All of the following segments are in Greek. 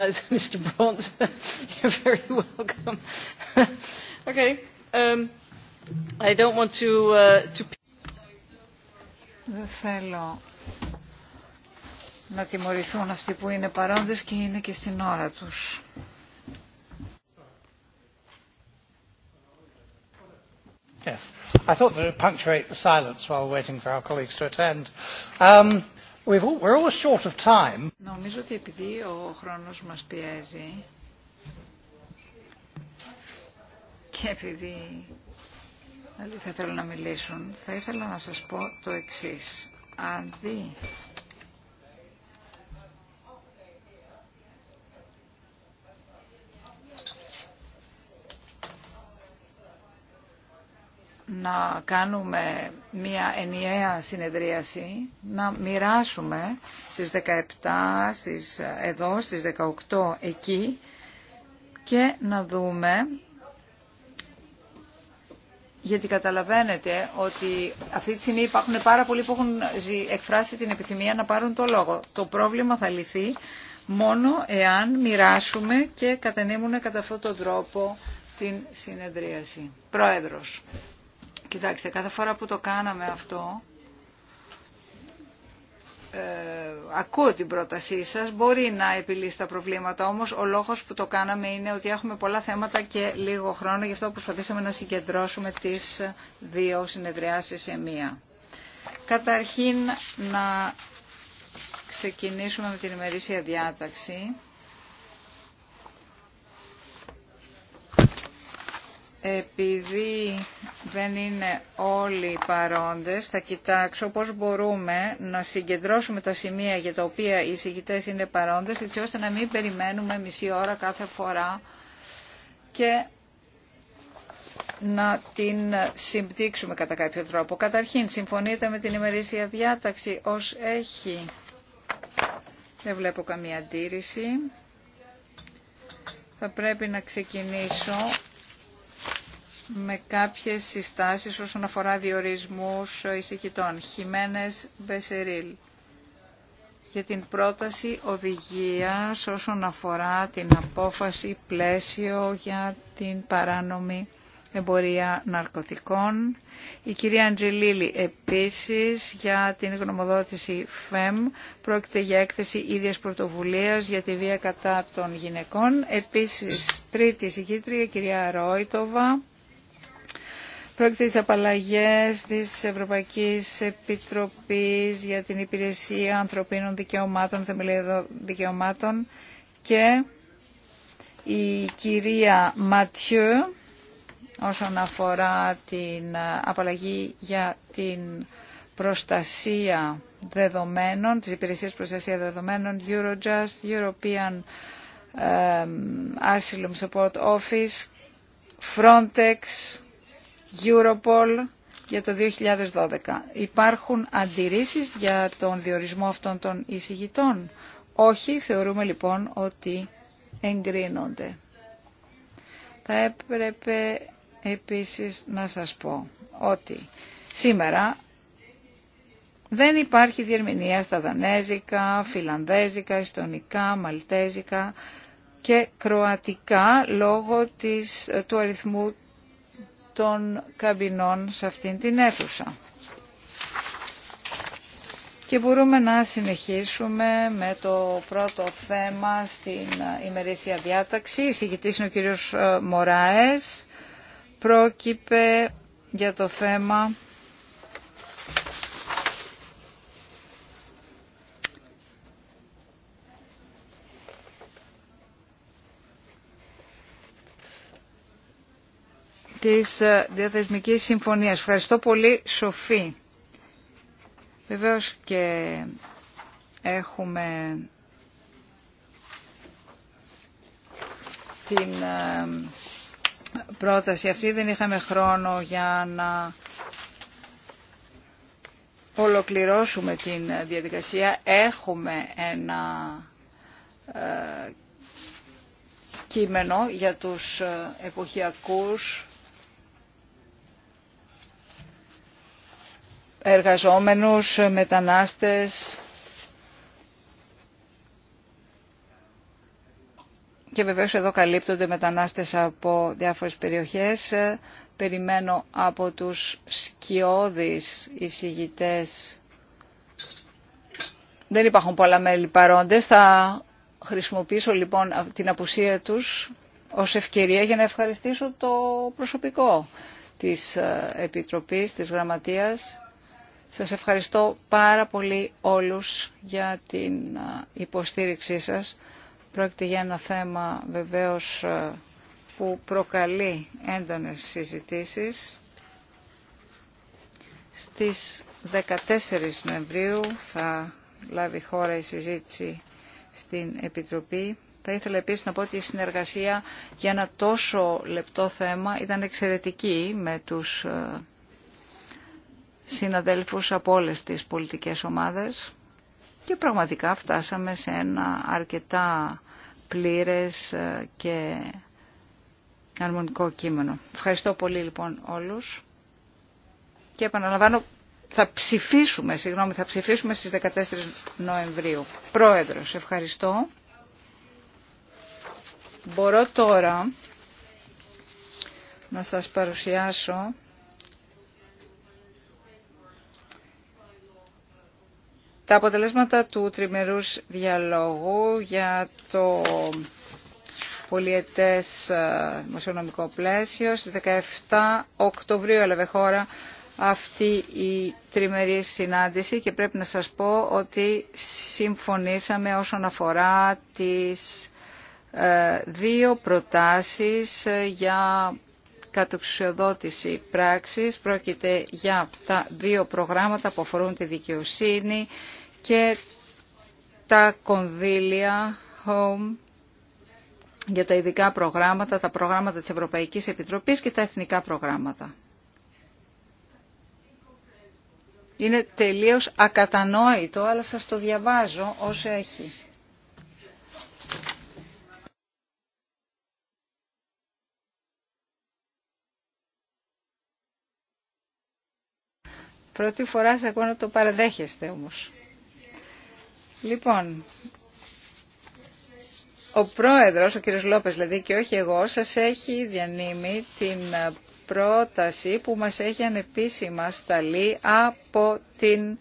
Mr. Brons. You're very welcome. okay. Um, I don't want to, uh, to... Δεν θέλω να τιμωρηθούν αυτοί που είναι παρόντες και είναι και στην ώρα τους. Yes. I thought that it would punctuate the silence while waiting for our colleagues to attend. Um, Νομίζω ότι επειδή ο χρόνος μας πιέζει και επειδή άλλοι θα θέλουν να μιλήσουν, θα ήθελα να σας πω το εξής. Αντί να κάνουμε μια ενιαία συνεδρίαση, να μοιράσουμε στις 17, στις, εδώ, στις 18 εκεί και να δούμε, γιατί καταλαβαίνετε ότι αυτή τη στιγμή υπάρχουν πάρα πολλοί που έχουν εκφράσει την επιθυμία να πάρουν το λόγο. Το πρόβλημα θα λυθεί μόνο εάν μοιράσουμε και κατανείμουν κατά αυτόν τον τρόπο την συνεδρίαση. Πρόεδρος. Κοιτάξτε, κάθε φορά που το κάναμε αυτό, ε, ακούω την πρότασή σας, μπορεί να επιλύσει τα προβλήματα, όμως ο λόγος που το κάναμε είναι ότι έχουμε πολλά θέματα και λίγο χρόνο, γι' αυτό προσπαθήσαμε να συγκεντρώσουμε τις δύο συνεδριάσεις σε μία. Καταρχήν να ξεκινήσουμε με την ημερήσια διάταξη. επειδή δεν είναι όλοι παρόντες, θα κοιτάξω πώς μπορούμε να συγκεντρώσουμε τα σημεία για τα οποία οι συγκητές είναι παρόντες, έτσι ώστε να μην περιμένουμε μισή ώρα κάθε φορά και να την συμπτύξουμε κατά κάποιο τρόπο. Καταρχήν, συμφωνείτε με την ημερήσια διάταξη ως έχει. Δεν βλέπω καμία αντίρρηση. Θα πρέπει να ξεκινήσω με κάποιες συστάσεις όσον αφορά διορισμούς εισηγητών. Χιμένες Μπεσερίλ για την πρόταση οδηγίας όσον αφορά την απόφαση πλαίσιο για την παράνομη εμπορία ναρκωτικών. Η κυρία Αντζελίλη επίσης για την γνωμοδότηση ΦΕΜ πρόκειται για έκθεση ίδιας πρωτοβουλίας για τη βία κατά των γυναικών. Επίσης τρίτη συγκήτρια κυρία Ρόιτοβα Πρόκειται τις απαλλαγές της Ευρωπαϊκής Επιτροπής για την Υπηρεσία Ανθρωπίνων Δικαιωμάτων, Θεμελιωδών Δικαιωμάτων και η κυρία Ματιού όσον αφορά την απαλλαγή για την προστασία δεδομένων, της υπηρεσίας προστασία δεδομένων Eurojust, European ε, Asylum Support Office, Frontex, Europol για το 2012. Υπάρχουν αντιρρήσεις για τον διορισμό αυτών των εισηγητών. Όχι, θεωρούμε λοιπόν ότι εγκρίνονται. Θα έπρεπε επίσης να σας πω ότι σήμερα δεν υπάρχει διερμηνία στα δανέζικα, φιλανδέζικα, ιστονικά, μαλτέζικα και κροατικά λόγω της, του αριθμού των καμπινών σε αυτήν την αίθουσα. Και μπορούμε να συνεχίσουμε με το πρώτο θέμα στην ημερήσια διάταξη. συγκητής είναι ο κύριος ε, Μωράες. Πρόκειπε για το θέμα της ε, Διαθεσμικής Συμφωνίας. Ευχαριστώ πολύ, Σοφή. Βεβαίως και έχουμε την ε, πρόταση αυτή. Δεν είχαμε χρόνο για να ολοκληρώσουμε την διαδικασία. Έχουμε ένα ε, κείμενο για τους εποχιακούς εργαζόμενους, μετανάστες και βεβαίως εδώ καλύπτονται μετανάστες από διάφορες περιοχές. Περιμένω από τους σκιώδεις εισηγητές. Δεν υπάρχουν πολλά μέλη παρόντες. Θα χρησιμοποιήσω λοιπόν την απουσία τους ως ευκαιρία για να ευχαριστήσω το προσωπικό της Επιτροπής, της Γραμματείας σας ευχαριστώ πάρα πολύ όλους για την υποστήριξή σας. Πρόκειται για ένα θέμα βεβαίως που προκαλεί έντονες συζητήσεις. Στις 14 Νοεμβρίου θα λάβει χώρα η συζήτηση στην Επιτροπή. Θα ήθελα επίσης να πω ότι η συνεργασία για ένα τόσο λεπτό θέμα ήταν εξαιρετική με τους συναδέλφους από όλες τις πολιτικές ομάδες και πραγματικά φτάσαμε σε ένα αρκετά πλήρες ε, και αρμονικό κείμενο. Ευχαριστώ πολύ λοιπόν όλους και επαναλαμβάνω θα ψηφίσουμε, συγγνώμη, θα ψηφίσουμε στις 14 Νοεμβρίου. Πρόεδρος, ευχαριστώ. Μπορώ τώρα να σας παρουσιάσω Τα αποτελέσματα του τριμερούς διαλόγου για το πολιετές ε, δημοσιονομικό πλαίσιο στις 17 Οκτωβρίου έλαβε χώρα αυτή η τριμερή συνάντηση και πρέπει να σας πω ότι συμφωνήσαμε όσον αφορά τις ε, δύο προτάσεις ε, για κατοξιοδότηση πράξης. Πρόκειται για τα δύο προγράμματα που αφορούν τη δικαιοσύνη και τα κονδύλια home για τα ειδικά προγράμματα, τα προγράμματα της Ευρωπαϊκής Επιτροπής και τα εθνικά προγράμματα. Είναι τελείως ακατανόητο, αλλά σας το διαβάζω όσο έχει. Πρώτη φορά σε ακούω να το παραδέχεστε όμως. Λοιπόν, ο πρόεδρος, ο κύριος Λόπες δηλαδή και όχι εγώ, σας έχει διανύμει την πρόταση που μας έχει ανεπίσημα σταλεί από την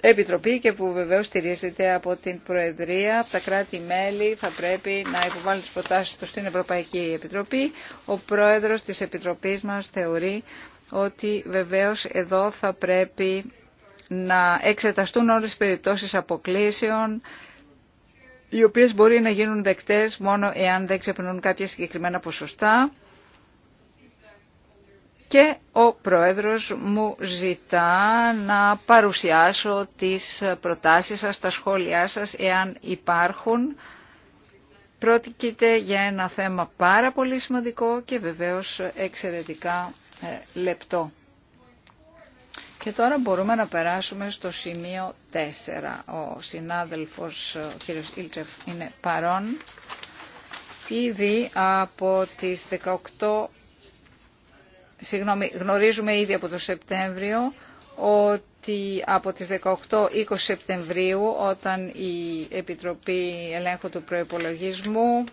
Επιτροπή και που βεβαίως στηρίζεται από την Προεδρία, από τα κράτη-μέλη θα πρέπει να υποβάλει τις προτάσεις του στην Ευρωπαϊκή Επιτροπή. Ο Πρόεδρος της Επιτροπής μας θεωρεί ότι βεβαίως εδώ θα πρέπει να εξεταστούν όλες τις περιπτώσεις αποκλήσεων, οι οποίες μπορεί να γίνουν δεκτές μόνο εάν δεν ξεπνούν κάποια συγκεκριμένα ποσοστά. Και ο Πρόεδρος μου ζητά να παρουσιάσω τις προτάσεις σας, τα σχόλιά σας, εάν υπάρχουν. Πρόκειται για ένα θέμα πάρα πολύ σημαντικό και βεβαίως εξαιρετικά ε, λεπτό. Και τώρα μπορούμε να περάσουμε στο σημείο 4. Ο συνάδελφος, ο κύριος Ήλτσεφ, είναι παρόν. Ήδη από τις 18, συγγνώμη, γνωρίζουμε ήδη από το Σεπτέμβριο ότι από τις 18-20 Σεπτεμβρίου, όταν η Επιτροπή Ελέγχου του Προϋπολογισμού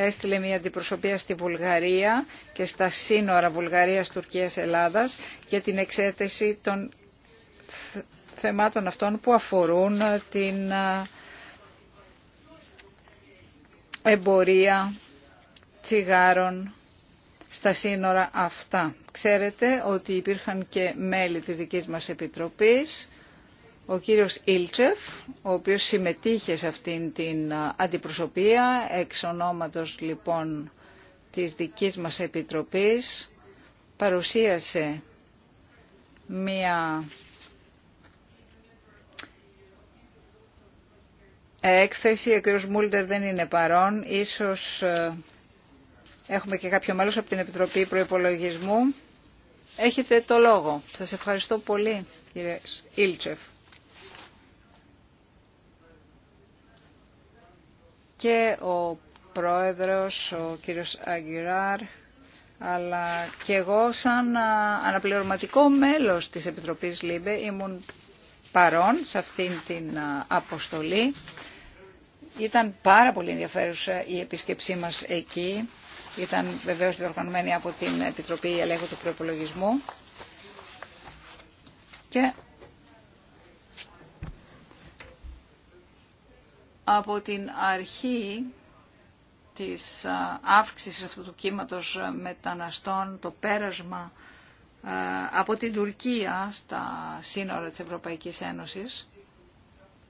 έστειλε μια αντιπροσωπεία στη Βουλγαρία και στα σύνορα Βουλγαρίας-Τουρκίας-Ελλάδας για την εξέταση των θεμάτων αυτών που αφορούν ε, την ε, εμπορία τσιγάρων στα σύνορα αυτά. Ξέρετε ότι υπήρχαν και μέλη της δικής μας Επιτροπής ο κύριος Ήλτσεφ, ο οποίος συμμετείχε σε αυτήν την αντιπροσωπεία, εξ ονόματος λοιπόν της δικής μας Επιτροπής, παρουσίασε μία έκθεση. Ο κύριος Μούλτερ δεν είναι παρόν. Ίσως έχουμε και κάποιο μέλος από την Επιτροπή Προϋπολογισμού. Έχετε το λόγο. Σας ευχαριστώ πολύ, κύριε Ήλτσεφ. και ο πρόεδρος, ο κύριος Αγγιράρ, αλλά και εγώ σαν αναπληρωματικό μέλος της Επιτροπής ΛΥΜΠΕ ήμουν παρόν σε αυτήν την αποστολή. Ήταν πάρα πολύ ενδιαφέρουσα η επίσκεψή μας εκεί. Ήταν βεβαίως διοργανωμένη από την Επιτροπή Ελέγχου του Προπολογισμού. Και από την αρχή της αύξησης αυτού του κύματος μεταναστών, το πέρασμα από την Τουρκία στα σύνορα της Ευρωπαϊκής Ένωσης,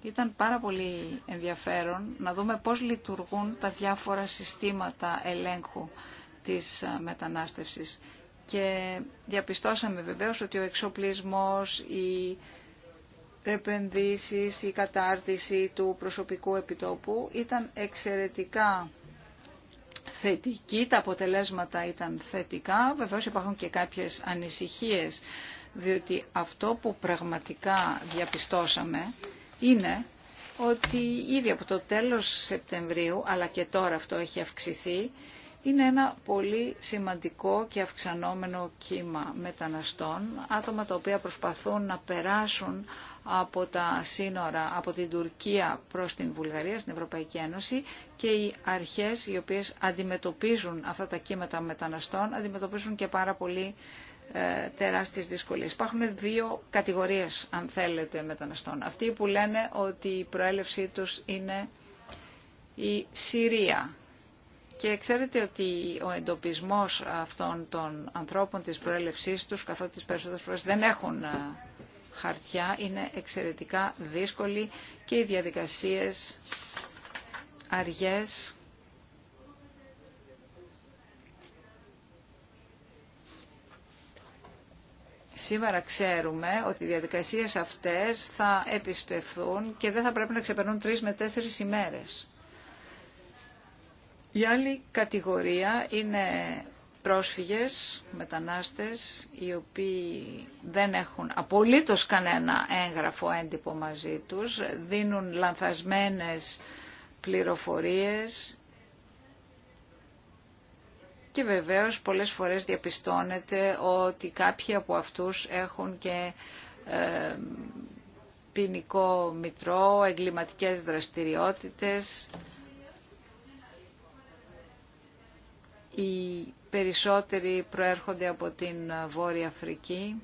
ήταν πάρα πολύ ενδιαφέρον να δούμε πώς λειτουργούν τα διάφορα συστήματα ελέγχου της μετανάστευσης. Και διαπιστώσαμε βεβαίως ότι ο εξοπλισμός, η επενδύσεις, η κατάρτιση του προσωπικού επιτόπου ήταν εξαιρετικά θετική, τα αποτελέσματα ήταν θετικά. Βεβαίως υπάρχουν και κάποιες ανησυχίες, διότι αυτό που πραγματικά διαπιστώσαμε είναι ότι ήδη από το τέλος Σεπτεμβρίου, αλλά και τώρα αυτό έχει αυξηθεί, είναι ένα πολύ σημαντικό και αυξανόμενο κύμα μεταναστών, άτομα τα οποία προσπαθούν να περάσουν από τα σύνορα, από την Τουρκία προς την Βουλγαρία, στην Ευρωπαϊκή Ένωση και οι αρχές οι οποίες αντιμετωπίζουν αυτά τα κύματα μεταναστών, αντιμετωπίζουν και πάρα πολύ ε, τεράστιες δυσκολίες. Υπάρχουν δύο κατηγορίες, αν θέλετε, μεταναστών. Αυτοί που λένε ότι η προέλευσή τους είναι η Συρία και ξέρετε ότι ο εντοπισμός αυτών των ανθρώπων της προέλευσής τους, καθότι τις περισσότερες φορές δεν έχουν ε, χαρτιά, είναι εξαιρετικά δύσκολη και οι διαδικασίες αργές. Σήμερα ξέρουμε ότι οι διαδικασίες αυτές θα επισπευθούν και δεν θα πρέπει να ξεπερνούν τρεις με τέσσερις ημέρες. Η άλλη κατηγορία είναι πρόσφυγες, μετανάστες, οι οποίοι δεν έχουν απολύτως κανένα έγγραφο έντυπο μαζί τους, δίνουν λανθασμένες πληροφορίες και βεβαίως πολλές φορές διαπιστώνεται ότι κάποιοι από αυτούς έχουν και ε, ποινικό μητρό, εγκληματικές δραστηριότητες Οι περισσότεροι προέρχονται από την Βόρεια Αφρική.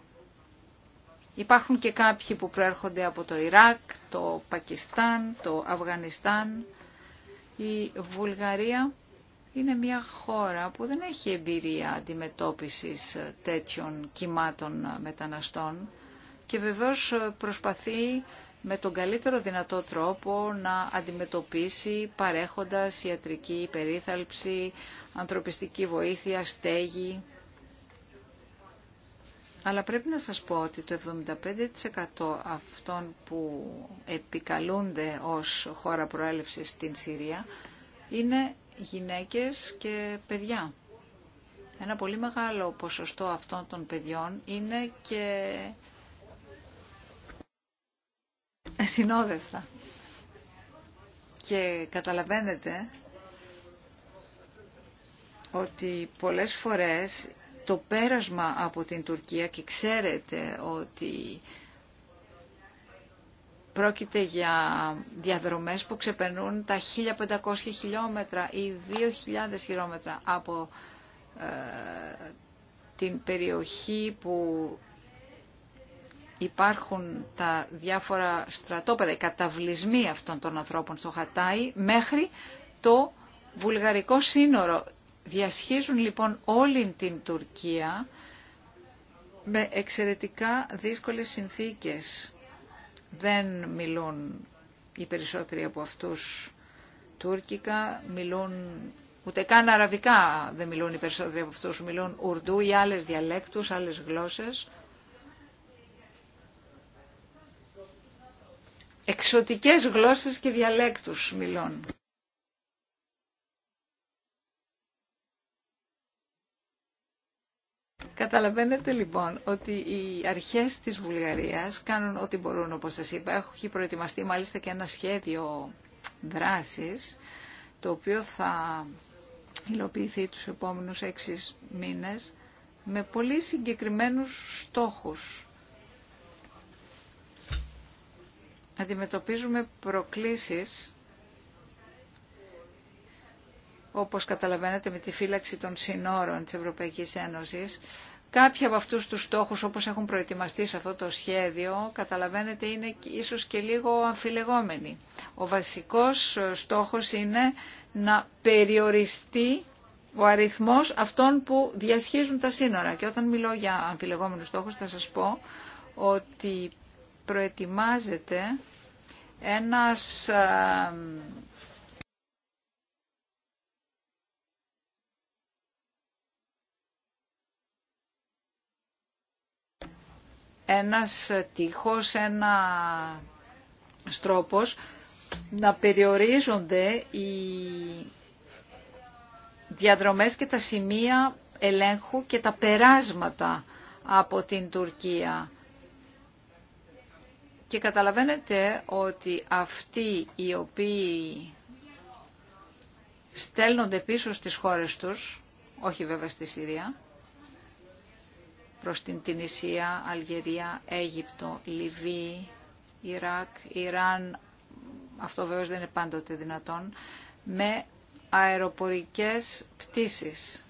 Υπάρχουν και κάποιοι που προέρχονται από το Ιράκ, το Πακιστάν, το Αφγανιστάν. Η Βουλγαρία είναι μια χώρα που δεν έχει εμπειρία αντιμετώπισης τέτοιων κυμάτων μεταναστών και βεβαίως προσπαθεί με τον καλύτερο δυνατό τρόπο να αντιμετωπίσει παρέχοντας ιατρική περίθαλψη, ανθρωπιστική βοήθεια, στέγη. Αλλά πρέπει να σας πω ότι το 75% αυτών που επικαλούνται ως χώρα προέλευσης στην Συρία είναι γυναίκες και παιδιά. Ένα πολύ μεγάλο ποσοστό αυτών των παιδιών είναι και συνόδευτα Και καταλαβαίνετε ότι πολλές φορές το πέρασμα από την Τουρκία και ξέρετε ότι πρόκειται για διαδρομές που ξεπερνούν τα 1500 χιλιόμετρα ή 2000 χιλιόμετρα από ε, την περιοχή που υπάρχουν τα διάφορα στρατόπεδα, οι καταβλισμοί αυτών των ανθρώπων στο Χατάι μέχρι το βουλγαρικό σύνορο. Διασχίζουν λοιπόν όλη την Τουρκία με εξαιρετικά δύσκολες συνθήκες. Δεν μιλούν οι περισσότεροι από αυτούς τουρκικά, μιλούν ούτε καν αραβικά δεν μιλούν οι περισσότεροι από αυτούς, μιλούν ουρντού ή άλλες διαλέκτους, άλλες γλώσσες. εξωτικές γλώσσες και διαλέκτους μιλών. Καταλαβαίνετε λοιπόν ότι οι αρχές της Βουλγαρίας κάνουν ό,τι μπορούν όπως σας είπα. Έχει προετοιμαστεί μάλιστα και ένα σχέδιο δράσης το οποίο θα υλοποιηθεί τους επόμενους έξι μήνες με πολύ συγκεκριμένους στόχους αντιμετωπίζουμε προκλήσεις όπως καταλαβαίνετε με τη φύλαξη των συνόρων της Ευρωπαϊκής Ένωσης. Κάποιοι από αυτούς τους στόχους όπως έχουν προετοιμαστεί σε αυτό το σχέδιο, καταλαβαίνετε είναι ίσως και λίγο αμφιλεγόμενοι. Ο βασικός στόχος είναι να περιοριστεί ο αριθμός αυτών που διασχίζουν τα σύνορα. Και όταν μιλώ για αμφιλεγόμενους στόχους θα σας πω ότι προετοιμάζεται ένας ένας τείχος, ένα τρόπος να περιορίζονται οι διαδρομές και τα σημεία ελέγχου και τα περάσματα από την Τουρκία. Και καταλαβαίνετε ότι αυτοί οι οποίοι στέλνονται πίσω στις χώρες τους, όχι βέβαια στη Συρία, προς την Τινησία, Αλγερία, Αίγυπτο, Λιβύη, Ιράκ, Ιράν, αυτό βέβαια δεν είναι πάντοτε δυνατόν, με αεροπορικές πτήσεις.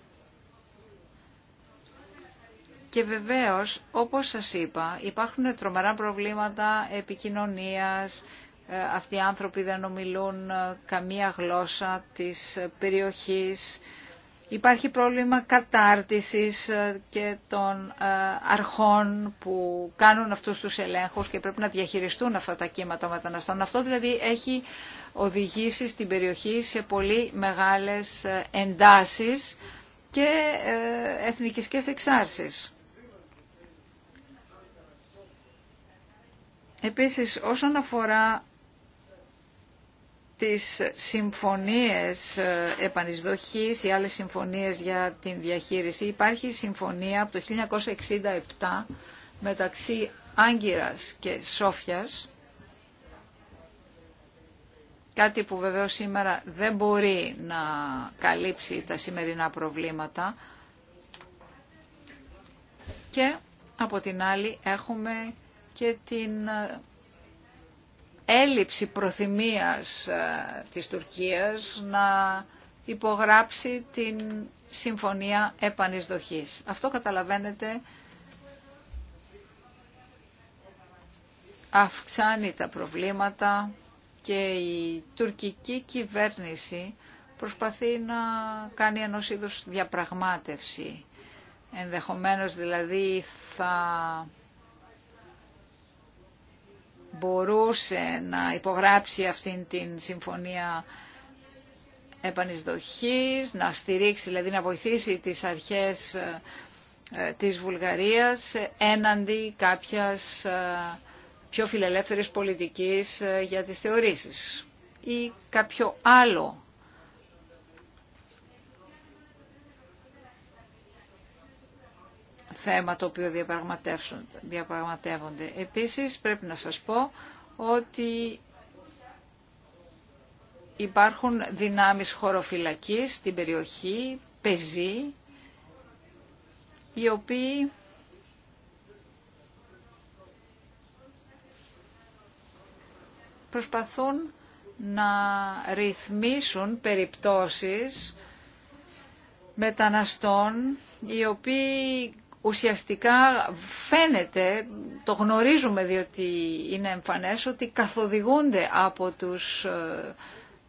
Και βεβαίως, όπως σας είπα, υπάρχουν τρομερά προβλήματα επικοινωνίας, ε, αυτοί οι άνθρωποι δεν ομιλούν ε, καμία γλώσσα της περιοχής. Υπάρχει πρόβλημα κατάρτισης ε, και των αρχών που κάνουν αυτούς τους ελέγχους και πρέπει να διαχειριστούν αυτά τα κύματα μεταναστών. Αυτό δηλαδή έχει οδηγήσει στην περιοχή σε πολύ μεγάλες εντάσεις και εθνικές εξάρσεις. Επίσης, όσον αφορά τις συμφωνίες επανεισδοχής ή άλλες συμφωνίες για την διαχείριση, υπάρχει συμφωνία από το 1967 μεταξύ Άγκυρας και Σόφιας, κάτι που βεβαίως σήμερα δεν μπορεί να καλύψει τα σημερινά προβλήματα. Και από την άλλη έχουμε και την ε, έλλειψη προθυμίας ε, της Τουρκίας να υπογράψει την Συμφωνία Επανεισδοχής. Αυτό καταλαβαίνετε αυξάνει τα προβλήματα και η τουρκική κυβέρνηση προσπαθεί να κάνει ενός είδους διαπραγμάτευση. Ενδεχομένως δηλαδή θα μπορούσε να υπογράψει αυτήν την συμφωνία επανεισδοχής, να στηρίξει, δηλαδή να βοηθήσει τις αρχές ε, της Βουλγαρίας έναντι κάποιας ε, πιο φιλελεύθερης πολιτικής ε, για τις θεωρήσεις ή κάποιο άλλο θέμα το οποίο διαπραγματεύονται. Επίσης πρέπει να σας πω ότι υπάρχουν δυνάμεις χωροφυλακής στην περιοχή, πεζοί, οι οποίοι προσπαθούν να ρυθμίσουν περιπτώσεις μεταναστών οι οποίοι ουσιαστικά φαίνεται, το γνωρίζουμε διότι είναι εμφανές, ότι καθοδηγούνται από τους ε,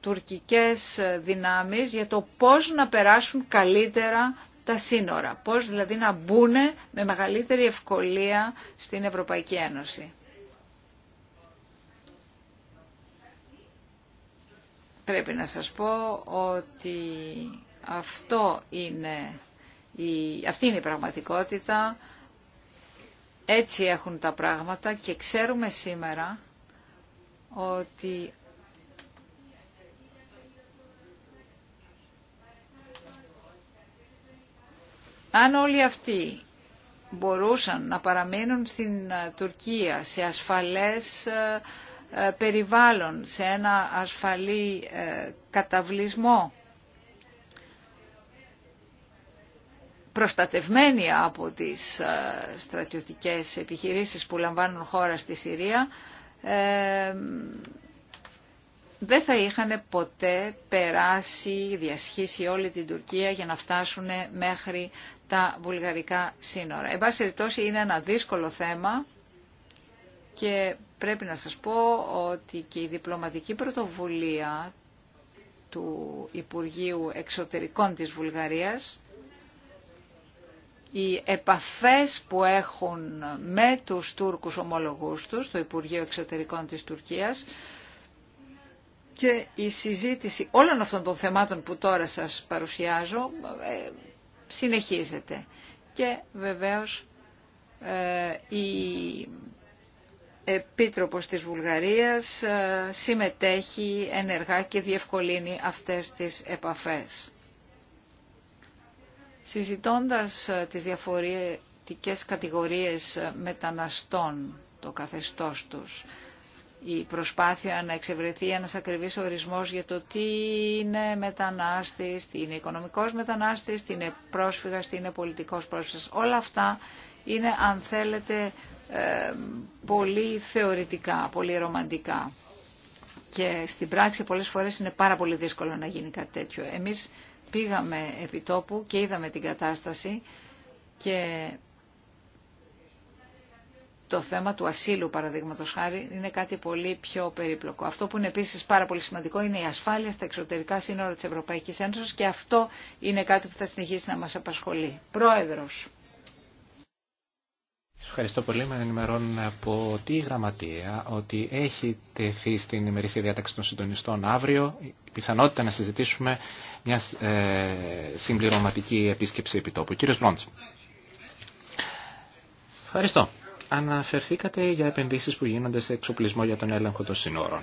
τουρκικές ε, δυνάμεις για το πώς να περάσουν καλύτερα τα σύνορα, πώς δηλαδή να μπουν με μεγαλύτερη ευκολία στην Ευρωπαϊκή Ένωση. Πρέπει να σας πω ότι αυτό είναι αυτή είναι η πραγματικότητα. Έτσι έχουν τα πράγματα και ξέρουμε σήμερα ότι αν όλοι αυτοί μπορούσαν να παραμείνουν στην ε, Τουρκία σε ασφαλές ε, ε, περιβάλλον, σε ένα ασφαλή καταβλισμό, προστατευμένοι από τις ε, στρατιωτικές επιχειρήσεις που λαμβάνουν χώρα στη Συρία, ε, δεν θα είχαν ποτέ περάσει, διασχίσει όλη την Τουρκία για να φτάσουν μέχρι τα βουλγαρικά σύνορα. Εν πάση περιπτώσει είναι ένα δύσκολο θέμα και πρέπει να σας πω ότι και η διπλωματική πρωτοβουλία του Υπουργείου Εξωτερικών της Βουλγαρίας οι επαφές που έχουν με τους Τούρκους ομολογούς τους, το Υπουργείο Εξωτερικών της Τουρκίας, και η συζήτηση όλων αυτών των θεμάτων που τώρα σας παρουσιάζω ε, συνεχίζεται. Και βεβαίως ε, η Επίτροπος της Βουλγαρίας ε, συμμετέχει ενεργά και διευκολύνει αυτές τις επαφές. Συζητώντας ε, τις διαφορετικές κατηγορίες ε, μεταναστών, το καθεστώς τους, η προσπάθεια να εξευρεθεί ένας ακριβής ορισμός για το τι είναι μετανάστης, τι είναι οικονομικός μετανάστης, τι είναι πρόσφυγας, τι είναι πολιτικός πρόσφυγας. Όλα αυτά είναι, αν θέλετε, ε, πολύ θεωρητικά, πολύ ρομαντικά. Και στην πράξη πολλές φορές είναι πάρα πολύ δύσκολο να γίνει κάτι τέτοιο. Εμείς πήγαμε επί τόπου και είδαμε την κατάσταση και το θέμα του ασύλου παραδείγματος χάρη είναι κάτι πολύ πιο περίπλοκο. Αυτό που είναι επίσης πάρα πολύ σημαντικό είναι η ασφάλεια στα εξωτερικά σύνορα της Ευρωπαϊκής Ένωσης και αυτό είναι κάτι που θα συνεχίσει να μας απασχολεί. Πρόεδρος. Σας ευχαριστώ πολύ. Με ενημερώνουν από τη γραμματεία ότι έχει τεθεί στην ημερήσια διάταξη των συντονιστών αύριο η πιθανότητα να συζητήσουμε μια ε, συμπληρωματική επίσκεψη επιτόπου. Κύριος Μπλόντς. Ευχαριστώ. Αναφερθήκατε για επενδύσεις που γίνονται σε εξοπλισμό για τον έλεγχο των συνόρων.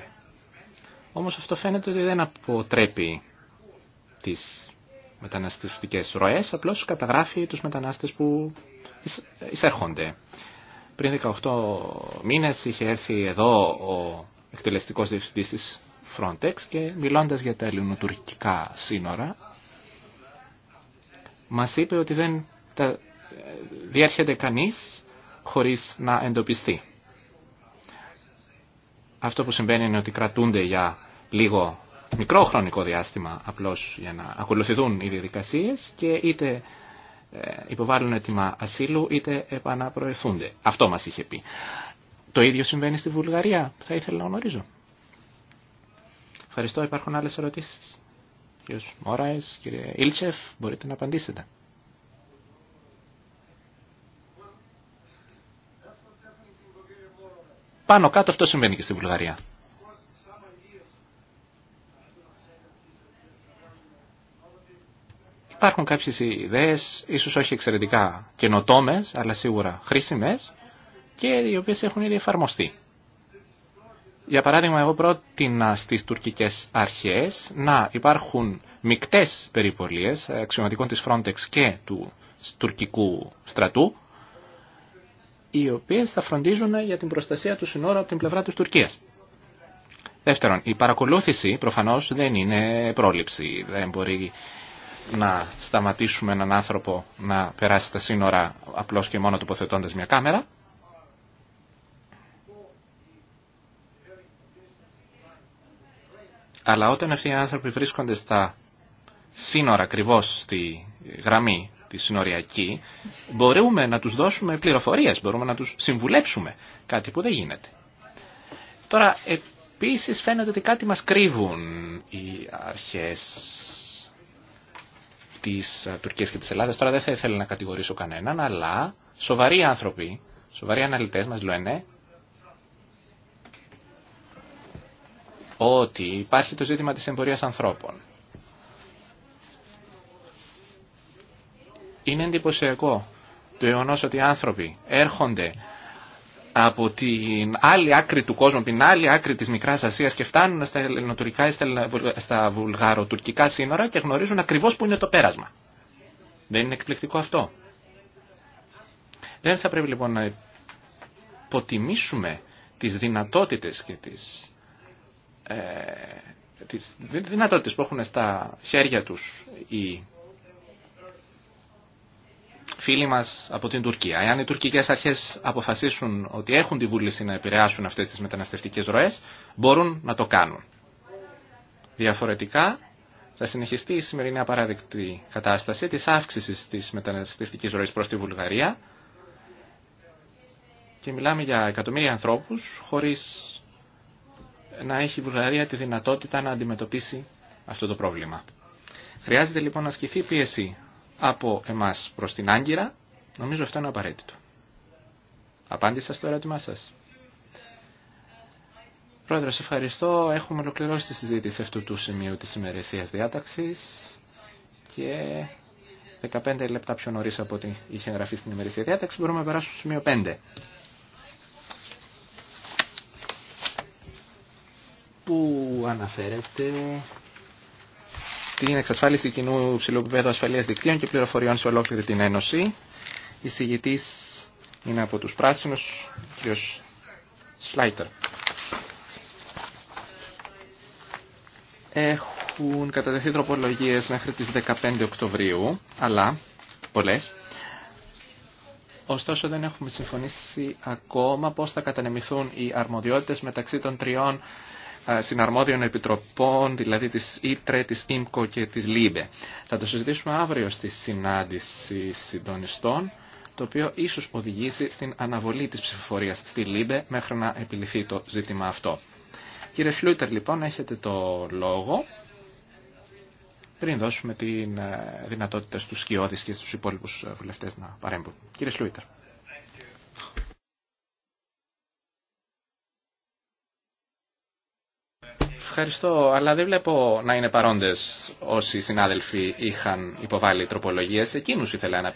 Όμως αυτό φαίνεται ότι δεν αποτρέπει τις μεταναστευτικές ροές, απλώς καταγράφει τους μετανάστες που εισέρχονται. Πριν 18 μήνες είχε έρθει εδώ ο εκτελεστικός διευθυντής της Frontex και μιλώντας για τα ελληνοτουρκικά σύνορα μας είπε ότι δεν τα ε, διέρχεται κανείς χωρίς να εντοπιστεί. Αυτό που συμβαίνει είναι ότι κρατούνται για λίγο μικρό χρονικό διάστημα απλώς για να ακολουθηθούν οι διαδικασίες και είτε ε, υποβάλλουν έτοιμα ασύλου είτε επαναπροεθούνται. Αυτό μας είχε πει. Το ίδιο συμβαίνει στη Βουλγαρία. Θα ήθελα να γνωρίζω. Ευχαριστώ. Υπάρχουν άλλες ερωτήσεις. Κύριος Μόραες, κύριε Ήλτσεφ, μπορείτε να απαντήσετε. Πάνω κάτω αυτό συμβαίνει και στη Βουλγαρία. Υπάρχουν κάποιες ιδέες, ίσως όχι εξαιρετικά καινοτόμε, αλλά σίγουρα χρήσιμες και οι οποίες έχουν ήδη εφαρμοστεί. Για παράδειγμα, εγώ πρότεινα στις τουρκικές αρχές να υπάρχουν μικτές περιπολίες αξιωματικών της Frontex και του τουρκικού στρατού, οι οποίες θα φροντίζουν για την προστασία του συνόρου από την πλευρά της Τουρκίας. Δεύτερον, η παρακολούθηση προφανώς δεν είναι πρόληψη. Δεν μπορεί να σταματήσουμε έναν άνθρωπο να περάσει τα σύνορα απλώς και μόνο τοποθετώντας μια κάμερα. Αλλά όταν αυτοί οι άνθρωποι βρίσκονται στα σύνορα ακριβώ στη γραμμή τη συνοριακή, μπορούμε να τους δώσουμε πληροφορίες, μπορούμε να τους συμβουλέψουμε, κάτι που δεν γίνεται. Τώρα, επίσης φαίνεται ότι κάτι μας κρύβουν οι αρχές Τη ε, Τουρκία και της Ελλάδας. Τώρα δεν θα ήθελα να κατηγορήσω κανέναν, αλλά σοβαροί άνθρωποι, σοβαροί αναλυτέ μας λένε ότι υπάρχει το ζήτημα της εμπορίας ανθρώπων. Είναι εντυπωσιακό το γεγονό ότι οι άνθρωποι έρχονται από την άλλη άκρη του κόσμου, την άλλη άκρη της Μικράς Ασίας και φτάνουν στα ελληνοτουρκικά ή στα βουλγαροτουρκικά σύνορα και γνωρίζουν ακριβώς που είναι το πέρασμα. Δεν είναι εκπληκτικό αυτό. Δεν θα πρέπει λοιπόν να υποτιμήσουμε τις δυνατότητες και τις, ε, δυνατότητες που έχουν στα χέρια τους οι φίλοι μα από την Τουρκία. Εάν οι τουρκικέ αρχέ αποφασίσουν ότι έχουν τη βούληση να επηρεάσουν αυτέ τι μεταναστευτικέ ροέ, μπορούν να το κάνουν. Διαφορετικά, θα συνεχιστεί η σημερινή απαράδεκτη κατάσταση τη αύξηση τη μεταναστευτική ροή προ τη Βουλγαρία και μιλάμε για εκατομμύρια ανθρώπου χωρί να έχει η Βουλγαρία τη δυνατότητα να αντιμετωπίσει αυτό το πρόβλημα. Χρειάζεται λοιπόν να ασκηθεί πίεση από εμάς προς την Άγκυρα, νομίζω αυτό είναι απαραίτητο. Απάντησα στο ερώτημά σας. Πρόεδρος, ευχαριστώ. Έχουμε ολοκληρώσει τη συζήτηση αυτού του σημείου της ημερησίας διάταξης και 15 λεπτά πιο νωρίς από ό,τι είχε γραφεί στην ημερησία διάταξη μπορούμε να περάσουμε στο σημείο 5. Που αναφέρεται την εξασφάλιση κοινού ψηλού επίπεδου ασφαλείας δικτύων και πληροφοριών σε ολόκληρη την Ένωση. Η συγητής είναι από τους πράσινους, κ. Σλάιτερ. Έχουν κατατεθεί τροπολογίες μέχρι τις 15 Οκτωβρίου, αλλά πολλές. Ωστόσο δεν έχουμε συμφωνήσει ακόμα πώς θα κατανεμηθούν οι αρμοδιότητες μεταξύ των τριών ε, συναρμόδιων επιτροπών, δηλαδή της ΙΤΡΕ, της ΙΜΚΟ και της ΛΥΜΠΕ. Θα το συζητήσουμε αύριο στη συνάντηση συντονιστών, το οποίο ίσως οδηγήσει στην αναβολή της ψηφοφορίας στη ΛΥΜΠΕ μέχρι να επιληθεί το ζήτημα αυτό. Κύριε Φλούιτερ, λοιπόν, έχετε το λόγο πριν δώσουμε τη ε, δυνατότητα στους σκιώδεις και στους υπόλοιπους ε, βουλευτές να παρέμβουν. Κύριε Σλούιτερ. Ευχαριστώ, αλλά δεν βλέπω να είναι παρόντες όσοι συνάδελφοι είχαν υποβάλει τροπολογίες. Εκείνους ήθελα να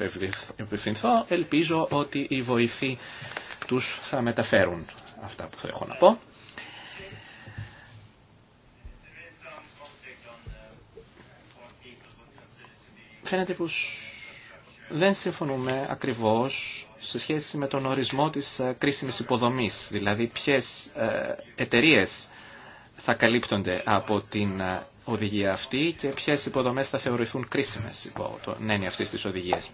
επιφυνθώ. Ελπίζω ότι οι βοηθοί τους θα μεταφέρουν αυτά που θα έχω να πω. Φαίνεται πως δεν συμφωνούμε ακριβώς σε σχέση με τον ορισμό της ε, κρίσιμης υποδομής, δηλαδή ποιες ε, εταιρείες θα καλύπτονται από την ε, οδηγία αυτή και ποιες υποδομές θα θεωρηθούν κρίσιμες υπό το έννοια αυτής της οδηγίας.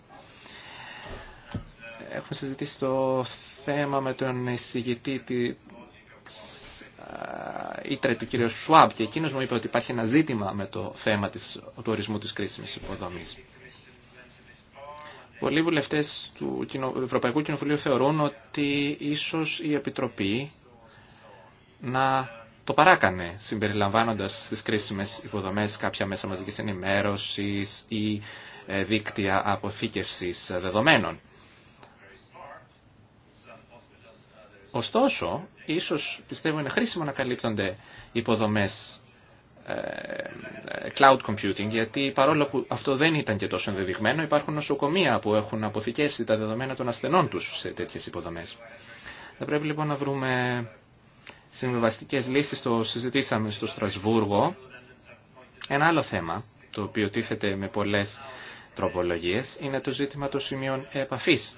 Έχουμε συζητήσει το θέμα με τον εισηγητή της ε, ήτρε του κ. Σουάμπ και εκείνος μου είπε ότι υπάρχει ένα ζήτημα με το θέμα της, του ορισμού της κρίσιμης υποδομής. Πολλοί βουλευτέ του Ευρωπαϊκού Κοινοβουλίου θεωρούν ότι ίσως η Επιτροπή να το παράκανε συμπεριλαμβάνοντας στις κρίσιμες υποδομές κάποια μέσα μαζικής ενημέρωσης ή ε, δίκτυα αποθήκευσης δεδομένων. Ωστόσο, ίσως πιστεύω είναι χρήσιμο να καλύπτονται υποδομές ε, cloud computing, γιατί παρόλο που αυτό δεν ήταν και τόσο ενδεδειγμένο, υπάρχουν νοσοκομεία που έχουν αποθηκεύσει τα δεδομένα των ασθενών τους σε τέτοιες υποδομές. Θα πρέπει λοιπόν να βρούμε συμβιβαστικές λύσεις το συζητήσαμε στο Στρασβούργο. Ένα άλλο θέμα, το οποίο τίθεται με πολλές τροπολογίες, είναι το ζήτημα των σημείων επαφής.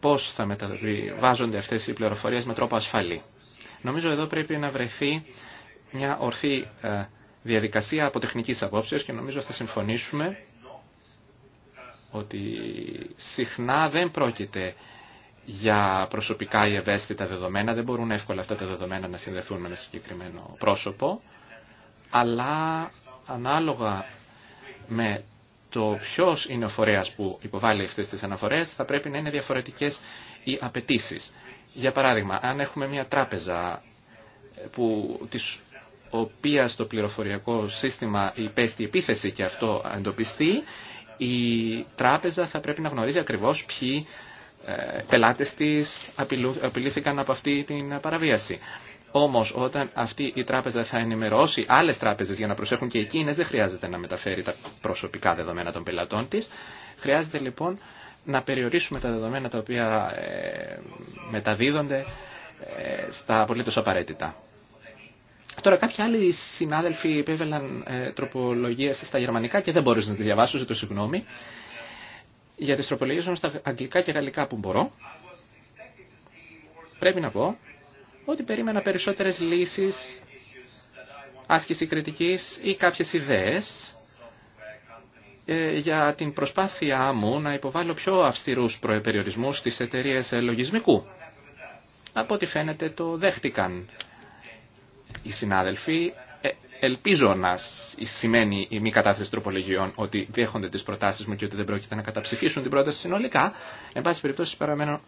Πώς θα μεταβιβάζονται αυτές οι πληροφορίες με τρόπο ασφαλή. Νομίζω εδώ πρέπει να βρεθεί μια ορθή ε, διαδικασία από τεχνικής απόψεως και νομίζω θα συμφωνήσουμε ότι συχνά δεν πρόκειται για προσωπικά ή ευαίσθητα δεδομένα. Δεν μπορούν εύκολα αυτά τα δεδομένα να συνδεθούν με ένα συγκεκριμένο πρόσωπο, αλλά ανάλογα με το ποιο είναι ο φορέα που υποβάλλει αυτέ τι αναφορέ, θα πρέπει να είναι διαφορετικέ οι απαιτήσει. Για παράδειγμα, αν έχουμε μια τράπεζα που, της οποία στο πληροφοριακό σύστημα υπέστη επίθεση και αυτό εντοπιστεί, η τράπεζα θα πρέπει να γνωρίζει ακριβώς ποιοι ε, πελάτες της απειλήθηκαν από αυτή την παραβίαση. Όμω, όταν αυτή η τράπεζα θα ενημερώσει άλλε τράπεζε για να προσέχουν και εκείνε, δεν χρειάζεται να μεταφέρει τα προσωπικά δεδομένα των πελατών τη. Χρειάζεται λοιπόν να περιορίσουμε τα δεδομένα τα οποία ε, μεταδίδονται ε, στα απολύτω απαραίτητα. Τώρα, κάποιοι άλλοι συνάδελφοι επέβαλαν ε, τροπολογίε στα γερμανικά και δεν μπορούσα να τη διαβάσω, ζητώ συγγνώμη για τις τροπολογίες μου στα αγγλικά και γαλλικά που μπορώ, πρέπει να πω ότι περίμενα περισσότερες λύσεις, άσκηση κριτικής ή κάποιες ιδέες ε, για την προσπάθειά μου να υποβάλω πιο αυστηρούς προεπεριορισμούς στις εταιρείες λογισμικού. Από ό,τι φαίνεται το δέχτηκαν οι συνάδελφοι, ελπίζω να σημαίνει η μη κατάθεση τροπολογιών ότι δέχονται τις προτάσεις μου και ότι δεν πρόκειται να καταψηφίσουν την πρόταση συνολικά. Εν πάση περιπτώσει παραμένω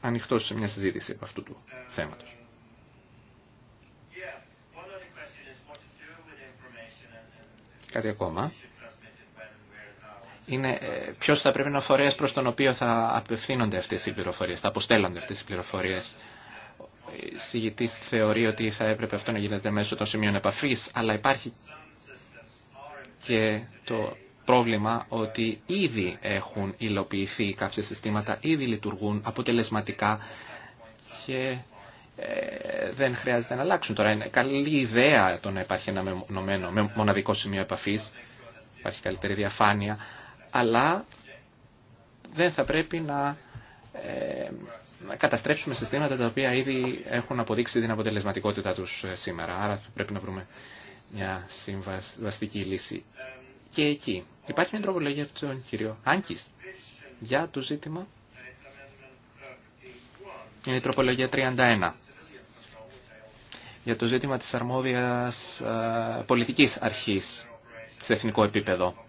ανοιχτός σε μια συζήτηση από αυτού του θέματος. Κάτι ακόμα. Είναι ε, ποιο θα πρέπει να φορέσει προ τον οποίο θα απευθύνονται αυτέ οι πληροφορίε, θα αποστέλλονται αυτέ οι πληροφορίε συγητή θεωρεί ότι θα έπρεπε αυτό να γίνεται μέσω των σημείων επαφή, αλλά υπάρχει και το πρόβλημα ότι ήδη έχουν υλοποιηθεί κάποια συστήματα, ήδη λειτουργούν αποτελεσματικά και ε, δεν χρειάζεται να αλλάξουν. Τώρα είναι καλή ιδέα το να υπάρχει ένα μεμονωμένο, μοναδικό σημείο επαφή, υπάρχει καλύτερη διαφάνεια, αλλά δεν θα πρέπει να ε, καταστρέψουμε συστήματα τα οποία ήδη έχουν αποδείξει την αποτελεσματικότητά τους ε, σήμερα. Άρα πρέπει να βρούμε μια συμβαστική λύση. Και εκεί υπάρχει μια τροπολογία από τον κύριο Άγκης για το ζήτημα. Είναι η τροπολογία 31 για το ζήτημα της αρμόδιας ε, πολιτικής αρχής σε εθνικό επίπεδο.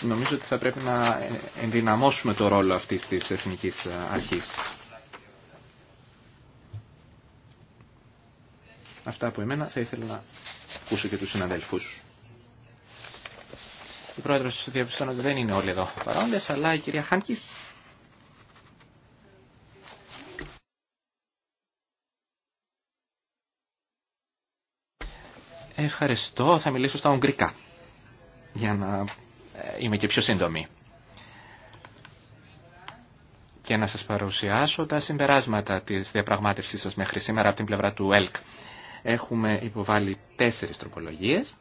νομίζω ότι θα πρέπει να ενδυναμώσουμε το ρόλο αυτής της εθνικής αρχής. Αυτά από εμένα θα ήθελα να ακούσω και τους συναδέλφους. Ο πρόεδρος διαπιστώνω ότι δεν είναι όλοι εδώ παρόντες, αλλά η κυρία Χάνκης Ευχαριστώ. Θα μιλήσω στα Ουγγρικά για να ε, είμαι και πιο σύντομη. Και να σας παρουσιάσω τα συμπεράσματα της διαπραγμάτευσής σας μέχρι σήμερα από την πλευρά του ΕΛΚ. Έχουμε υποβάλει τέσσερις τροπολογίες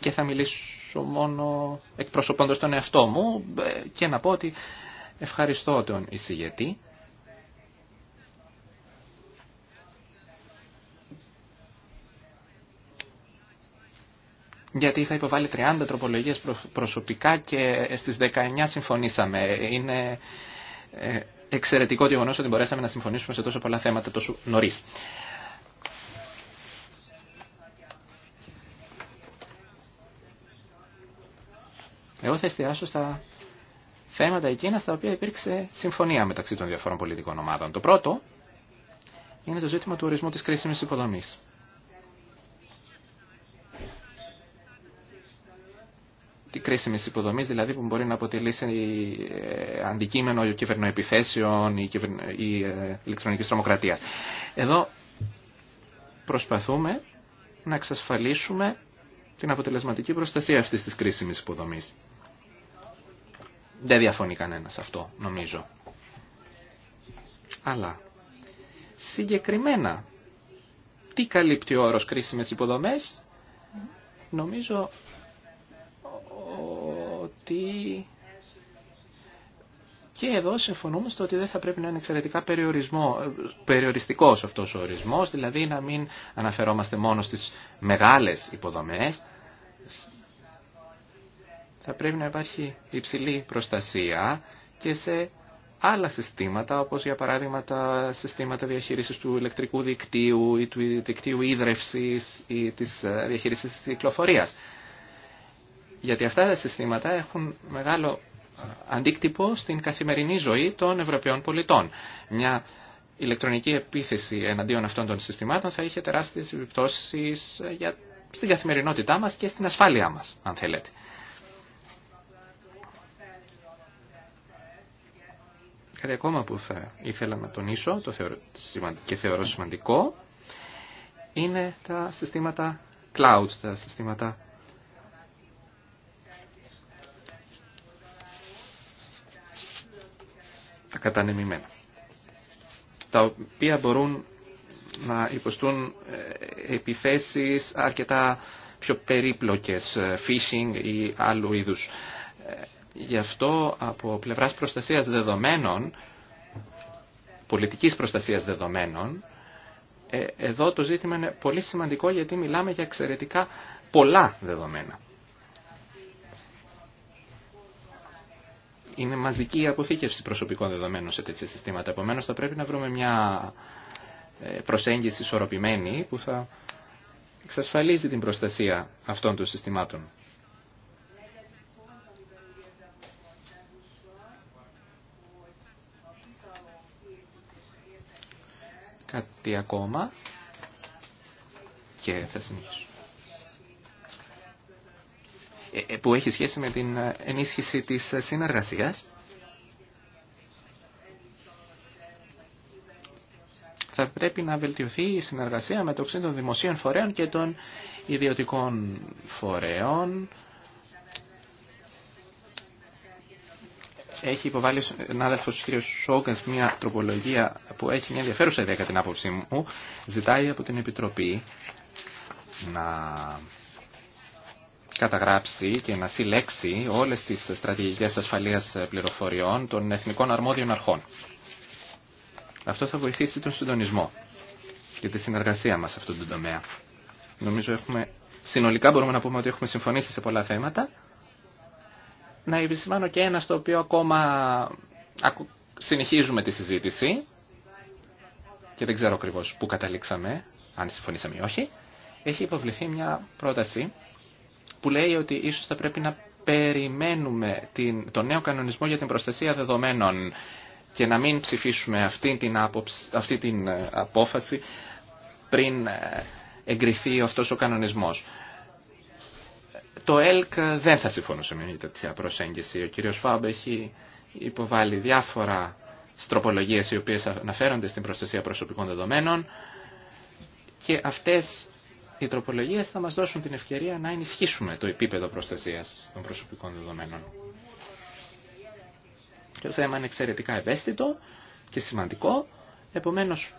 και θα μιλήσω μόνο εκπροσωπώντας τον εαυτό μου ε, και να πω ότι ευχαριστώ τον εισηγετή γιατί θα υποβάλει 30 τροπολογίες προσωπικά και στις 19 συμφωνήσαμε. Είναι ε, εξαιρετικό γεγονό ότι μπορέσαμε να συμφωνήσουμε σε τόσο πολλά θέματα τόσο νωρί. Εγώ θα εστιάσω στα θέματα εκείνα στα οποία υπήρξε συμφωνία μεταξύ των διαφόρων πολιτικών ομάδων. Το πρώτο είναι το ζήτημα του ορισμού της κρίσιμης υποδομής. Κρίσιμη υποδομή δηλαδή που μπορεί να αποτελήσει ε, αντικείμενο κυβερνοεπιθέσεων ή, ή ε, ηλεκτρονικής Εδώ προσπαθούμε να εξασφαλίσουμε την αποτελεσματική προστασία αυτής της κρίσιμη υποδομή. Δεν διαφωνεί κανένα αυτό, νομίζω. Αλλά συγκεκριμένα τι καλύπτει ο όρο κρίσιμε υποδομέ, νομίζω και εδώ συμφωνούμε στο ότι δεν θα πρέπει να είναι εξαιρετικά περιορισμό, περιοριστικός αυτός ο ορισμός, δηλαδή να μην αναφερόμαστε μόνο στις μεγάλες υποδομές. Θα πρέπει να υπάρχει υψηλή προστασία και σε άλλα συστήματα, όπως για παράδειγμα τα συστήματα διαχείρισης του ηλεκτρικού δικτύου ή του δικτύου ίδρευσης ή της διαχείρισης της κυκλοφορίας γιατί αυτά τα συστήματα έχουν μεγάλο αντίκτυπο στην καθημερινή ζωή των Ευρωπαίων πολιτών. Μια ηλεκτρονική επίθεση εναντίον αυτών των συστημάτων θα είχε τεράστιες επιπτώσεις για, στην καθημερινότητά μας και στην ασφάλειά μας, αν θέλετε. Κάτι ακόμα που θα ήθελα να τονίσω το και θεωρώ σημαντικό είναι τα συστήματα cloud, τα συστήματα τα τα οποία μπορούν να υποστούν ε, επιθέσεις αρκετά πιο περίπλοκες, ε, phishing ή άλλου είδους. Ε, γι' αυτό από πλευράς προστασίας δεδομένων, πολιτικής προστασίας δεδομένων, εδώ το ζήτημα είναι πολύ σημαντικό γιατί μιλάμε για εξαιρετικά πολλά δεδομένα. είναι μαζική η αποθήκευση προσωπικών δεδομένων σε τέτοια συστήματα. Επομένω, θα πρέπει να βρούμε μια ε, προσέγγιση ισορροπημένη που θα εξασφαλίζει την προστασία αυτών των συστημάτων. Κάτι ακόμα και θα συνεχίσω. Ε, που έχει σχέση με την ε, ενίσχυση της ε, συνεργασίας. Θα πρέπει να βελτιωθεί η συνεργασία μεταξύ των δημοσίων φορέων και των ιδιωτικών φορέων. Έχει υποβάλει ο συνάδελφο κ. Σόγκαν μια τροπολογία που έχει μια ενδιαφέρουσα ιδέα κατά την άποψή μου. Ζητάει από την Επιτροπή να καταγράψει και να συλλέξει όλες τις στρατηγικές ασφαλείας πληροφοριών των εθνικών αρμόδιων αρχών. Αυτό θα βοηθήσει τον συντονισμό και τη συνεργασία μας σε αυτόν τον τομέα. Νομίζω έχουμε, συνολικά μπορούμε να πούμε ότι έχουμε συμφωνήσει σε πολλά θέματα. Να επισημάνω και ένα στο οποίο ακόμα συνεχίζουμε τη συζήτηση και δεν ξέρω ακριβώ πού καταλήξαμε, αν συμφωνήσαμε ή όχι. Έχει υποβληθεί μια πρόταση που λέει ότι ίσως θα πρέπει να περιμένουμε την, τον νέο κανονισμό για την προστασία δεδομένων και να μην ψηφίσουμε αυτή την, αυτή την ε, απόφαση πριν ε, εγκριθεί αυτός ο κανονισμός. Το ΕΛΚ ε, δεν θα συμφωνούσε με μια τέτοια προσέγγιση. Ο κύριος Φάμπ έχει υποβάλει διάφορα στροπολογίες οι οποίες αναφέρονται στην προστασία προσωπικών δεδομένων και αυτές οι τροπολογίε θα μας δώσουν την ευκαιρία να ενισχύσουμε το επίπεδο προστασία των προσωπικών δεδομένων. Το θέμα είναι εξαιρετικά ευαίσθητο και σημαντικό, επομένως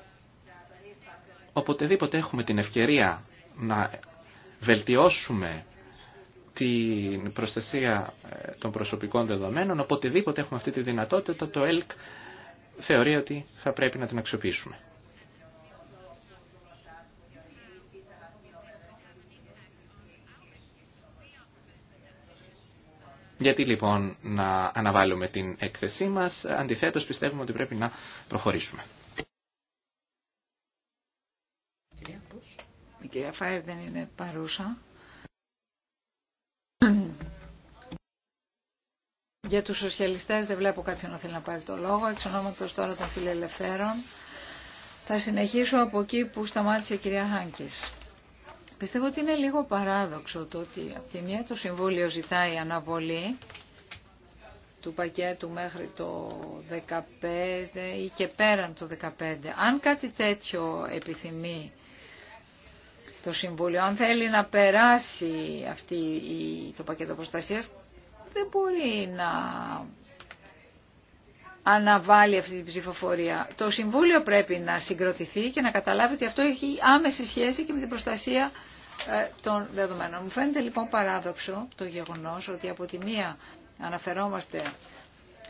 οποτεδήποτε έχουμε την ευκαιρία να βελτιώσουμε την προστασία ε, των προσωπικών δεδομένων, οποτεδήποτε έχουμε αυτή τη δυνατότητα, το ΕΛΚ θεωρεί ότι θα πρέπει να την αξιοποιήσουμε. Γιατί λοιπόν να αναβάλουμε την έκθεσή μας, αντιθέτως πιστεύουμε ότι πρέπει να προχωρήσουμε. Η κυρία Φάιρ δεν είναι παρούσα. Για τους σοσιαλιστές δεν βλέπω κάποιον να θέλει να πάρει το λόγο. Εξ ονόματος τώρα των φιλελευθέρων. Θα συνεχίσω από εκεί που σταμάτησε η κυρία Χάνκης. Πιστεύω ότι είναι λίγο παράδοξο το ότι από τη μια το Συμβούλιο ζητάει αναβολή του πακέτου μέχρι το 15 ή και πέραν το 2015. Αν κάτι τέτοιο επιθυμεί το Συμβούλιο, αν θέλει να περάσει αυτή η, το πακέτο προστασίας, δεν μπορεί να αναβάλει αυτή την ψηφοφορία. Το Συμβούλιο πρέπει να συγκροτηθεί και να καταλάβει ότι αυτό έχει άμεση σχέση και με την προστασία ε, των δεδομένων. Μου φαίνεται λοιπόν παράδοξο το γεγονός ότι από τη μία αναφερόμαστε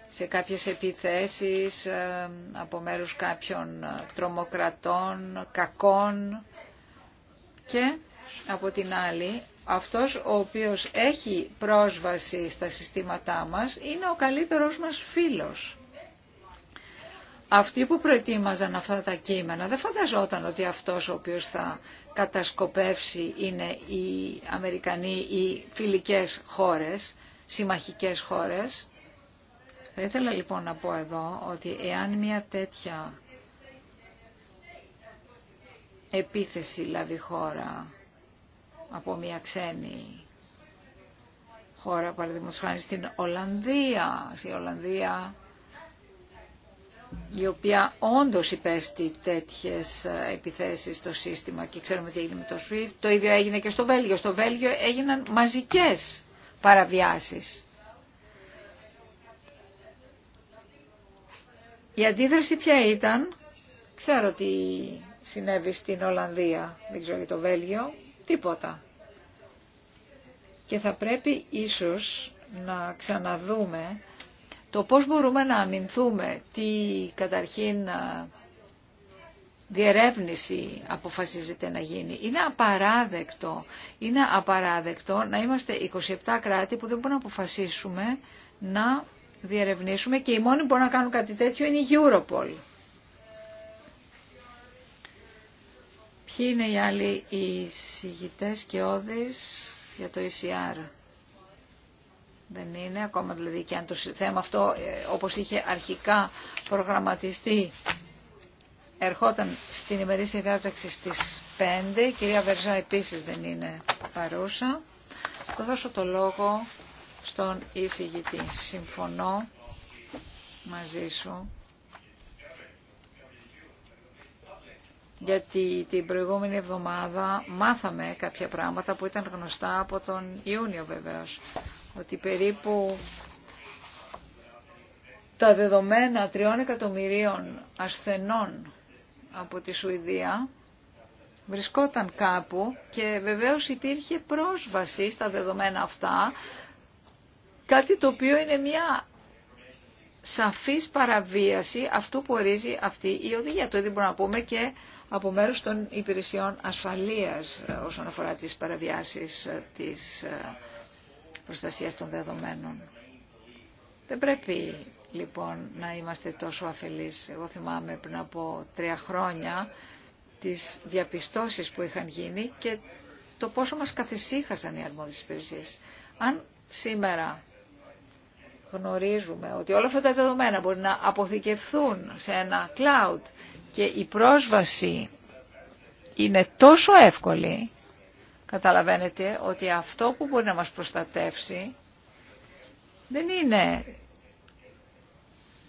σε κάποιες επιθέσεις ε, από μέρους κάποιων ε, τρομοκρατών, κακών και από την άλλη αυτός ο οποίος έχει πρόσβαση στα συστήματά μας είναι ο καλύτερος μας φίλος αυτοί που προετοίμαζαν αυτά τα κείμενα δεν φανταζόταν ότι αυτός ο οποίος θα κατασκοπεύσει είναι οι Αμερικανοί, οι φιλικές χώρες, συμμαχικές χώρες. Θα ήθελα λοιπόν να πω εδώ ότι εάν μια τέτοια επίθεση λάβει χώρα από μια ξένη χώρα, παραδείγματος χάρη στην Ολλανδία, στη Ολλανδία η οποία όντως υπέστη τέτοιες ε, επιθέσεις στο σύστημα και ξέρουμε τι έγινε με το SWIFT. Το ίδιο έγινε και στο Βέλγιο. Στο Βέλγιο έγιναν μαζικές παραβιάσεις. Η αντίδραση ποια ήταν, ξέρω τι συνέβη στην Ολλανδία, δεν ξέρω για το Βέλγιο, τίποτα. Και θα πρέπει ίσως να ξαναδούμε το πώς μπορούμε να αμυνθούμε τι καταρχήν διερεύνηση αποφασίζεται να γίνει. Είναι απαράδεκτο. Είναι απαράδεκτο να είμαστε 27 κράτη που δεν μπορούμε να αποφασίσουμε να διερευνήσουμε και οι μόνοι που μπορούν να κάνουν κάτι τέτοιο είναι η Europol. Ποιοι είναι οι άλλοι οι και όδης για το ECR. Δεν είναι ακόμα δηλαδή και αν το θέμα αυτό ε, όπως είχε αρχικά προγραμματιστεί ερχόταν στην ημερήσια διάταξη στις 5. Η κυρία Βερζά επίσης δεν είναι παρούσα. Θα δώσω το λόγο στον εισηγητή. Συμφωνώ μαζί σου. γιατί την προηγούμενη εβδομάδα μάθαμε κάποια πράγματα που ήταν γνωστά από τον Ιούνιο βεβαίως ότι περίπου τα δεδομένα τριών εκατομμυρίων ασθενών από τη Σουηδία βρισκόταν κάπου και βεβαίως υπήρχε πρόσβαση στα δεδομένα αυτά, κάτι το οποίο είναι μια σαφής παραβίαση αυτού που ορίζει αυτή η οδηγία. Το ίδιο μπορούμε να πούμε και από μέρους των υπηρεσιών ασφαλείας ε, όσον αφορά τις παραβιάσεις ε, της ε, προστασίας των δεδομένων. Δεν πρέπει λοιπόν να είμαστε τόσο αφελείς. Εγώ θυμάμαι πριν από τρία χρόνια τις διαπιστώσεις που είχαν γίνει και το πόσο μας καθησύχασαν οι αρμόδιες υπηρεσίες. Αν σήμερα γνωρίζουμε ότι όλα αυτά τα δεδομένα μπορεί να αποθηκευθούν σε ένα cloud και η πρόσβαση είναι τόσο εύκολη Καταλαβαίνετε ότι αυτό που μπορεί να μας προστατεύσει δεν είναι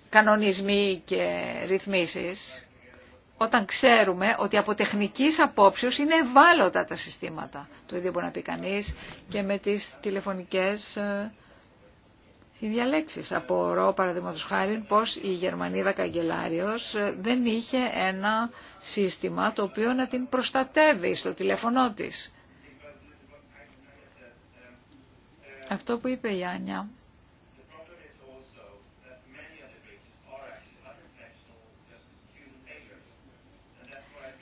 κανονισμοί και ρυθμίσεις όταν ξέρουμε ότι από τεχνικής απόψεως είναι ευάλωτα τα συστήματα. Το ίδιο μπορεί να πει κανεί και με τις τηλεφωνικές ε, συνδιαλέξεις. Απορώ παραδείγματος χάρη πως η Γερμανίδα Καγκελάριος ε, δεν είχε ένα σύστημα το οποίο να την προστατεύει στο τηλέφωνό της. Αυτό που είπε η Άνια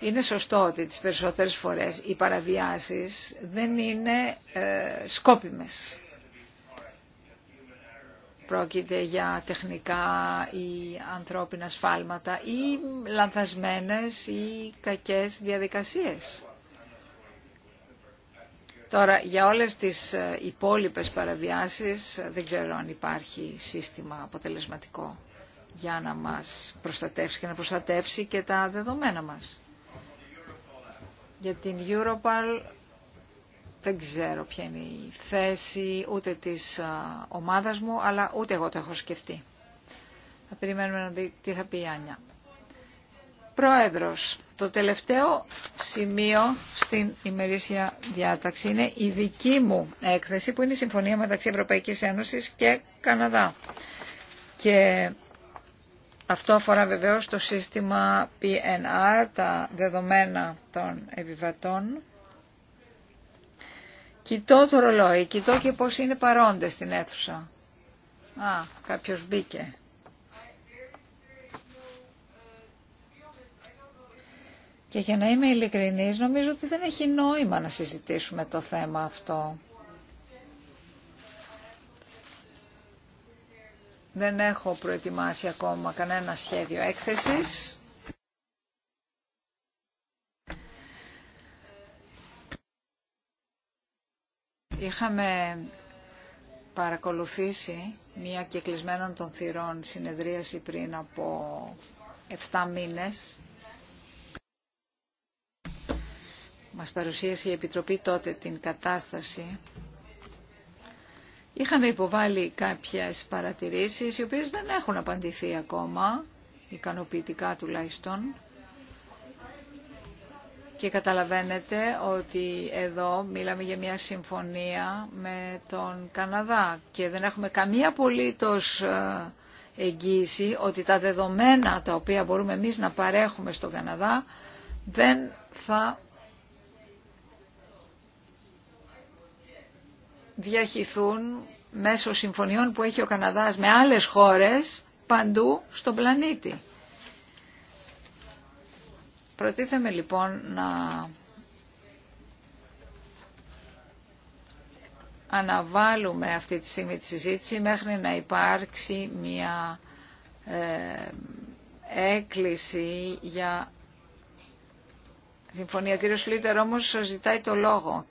Είναι σωστό ότι τις περισσότερες φορές οι παραβιάσεις δεν είναι ε, σκόπιμες. Πρόκειται για τεχνικά ή ανθρώπινα σφάλματα ή λανθασμένες ή κακές διαδικασίες. Τώρα, για όλες τις ε, υπόλοιπες παραβιάσεις ε, δεν ξέρω αν υπάρχει σύστημα αποτελεσματικό για να μας προστατεύσει και να προστατεύσει και τα δεδομένα μας. Για την Europal δεν ξέρω ποια είναι η θέση ούτε της ε, ομάδας μου, αλλά ούτε εγώ το έχω σκεφτεί. Θα περιμένουμε να δει τι θα πει η Άνια. Πρόεδρος, το τελευταίο σημείο στην ημερήσια διάταξη είναι η δική μου έκθεση που είναι η συμφωνία μεταξύ Ευρωπαϊκής Ένωσης και Καναδά. Και αυτό αφορά βεβαίως το σύστημα PNR, τα δεδομένα των επιβατών. Κοιτώ το ρολόι, κοιτώ και πώς είναι παρόντες στην αίθουσα. Α, κάποιος μπήκε. Και για να είμαι ειλικρινής, νομίζω ότι δεν έχει νόημα να συζητήσουμε το θέμα αυτό. Δεν έχω προετοιμάσει ακόμα κανένα σχέδιο έκθεσης. Είχαμε παρακολουθήσει μία κεκλεισμένων των θυρών συνεδρίαση πριν από 7 μήνες μας παρουσίασε η Επιτροπή τότε την κατάσταση, είχαμε υποβάλει κάποιες παρατηρήσεις, οι οποίες δεν έχουν απαντηθεί ακόμα, ικανοποιητικά τουλάχιστον. Και καταλαβαίνετε ότι εδώ μίλαμε για μια συμφωνία με τον Καναδά και δεν έχουμε καμία απολύτως ε, εγγύηση ότι τα δεδομένα τα οποία μπορούμε εμείς να παρέχουμε στον Καναδά δεν θα διαχειθούν μέσω συμφωνιών που έχει ο Καναδάς με άλλες χώρες παντού στον πλανήτη. Προτίθεμε λοιπόν να αναβάλουμε αυτή τη στιγμή τη συζήτηση μέχρι να υπάρξει μια ε, έκκληση για συμφωνία. Ο κύριος Λίτερ όμως ζητάει το λόγο.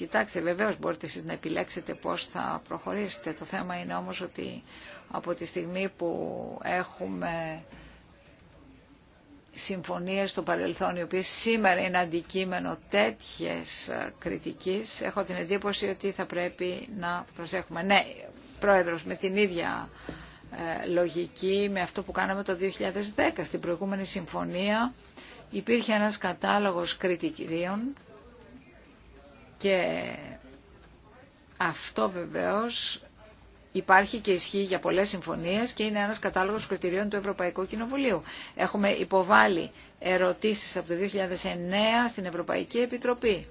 Κοιτάξτε, βεβαίως μπορείτε εσείς να επιλέξετε πώς θα προχωρήσετε. Το θέμα είναι όμως ότι από τη στιγμή που έχουμε συμφωνίες στο παρελθόν, οι οποίες σήμερα είναι αντικείμενο τέτοιες κριτικής, έχω την εντύπωση ότι θα πρέπει να προσέχουμε. Ναι, Πρόεδρος, με την ίδια ε, λογική, με αυτό που κάναμε το 2010 στην προηγούμενη συμφωνία, υπήρχε ένας κατάλογος κριτηρίων και αυτό βεβαίως υπάρχει και ισχύει για πολλές συμφωνίες και είναι ένας κατάλογος κριτηρίων του Ευρωπαϊκού Κοινοβουλίου. Έχουμε υποβάλει ερωτήσεις από το 2009 στην Ευρωπαϊκή Επιτροπή.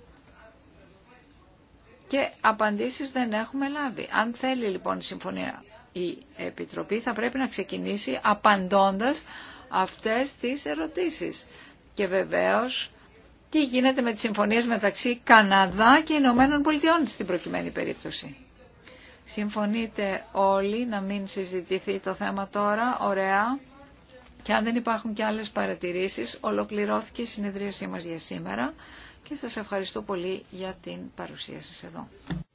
Και απαντήσεις δεν έχουμε λάβει. Αν θέλει λοιπόν η συμφωνία η Επιτροπή θα πρέπει να ξεκινήσει απαντώντας αυτές τις ερωτήσεις. Και βεβαίως τι γίνεται με τις συμφωνίες μεταξύ Καναδά και Ηνωμένων Πολιτειών στην προκειμένη περίπτωση. Συμφωνείτε όλοι να μην συζητηθεί το θέμα τώρα, ωραία. Και αν δεν υπάρχουν και άλλες παρατηρήσεις, ολοκληρώθηκε η συνεδρίασή μας για σήμερα και σας ευχαριστώ πολύ για την παρουσία σας εδώ.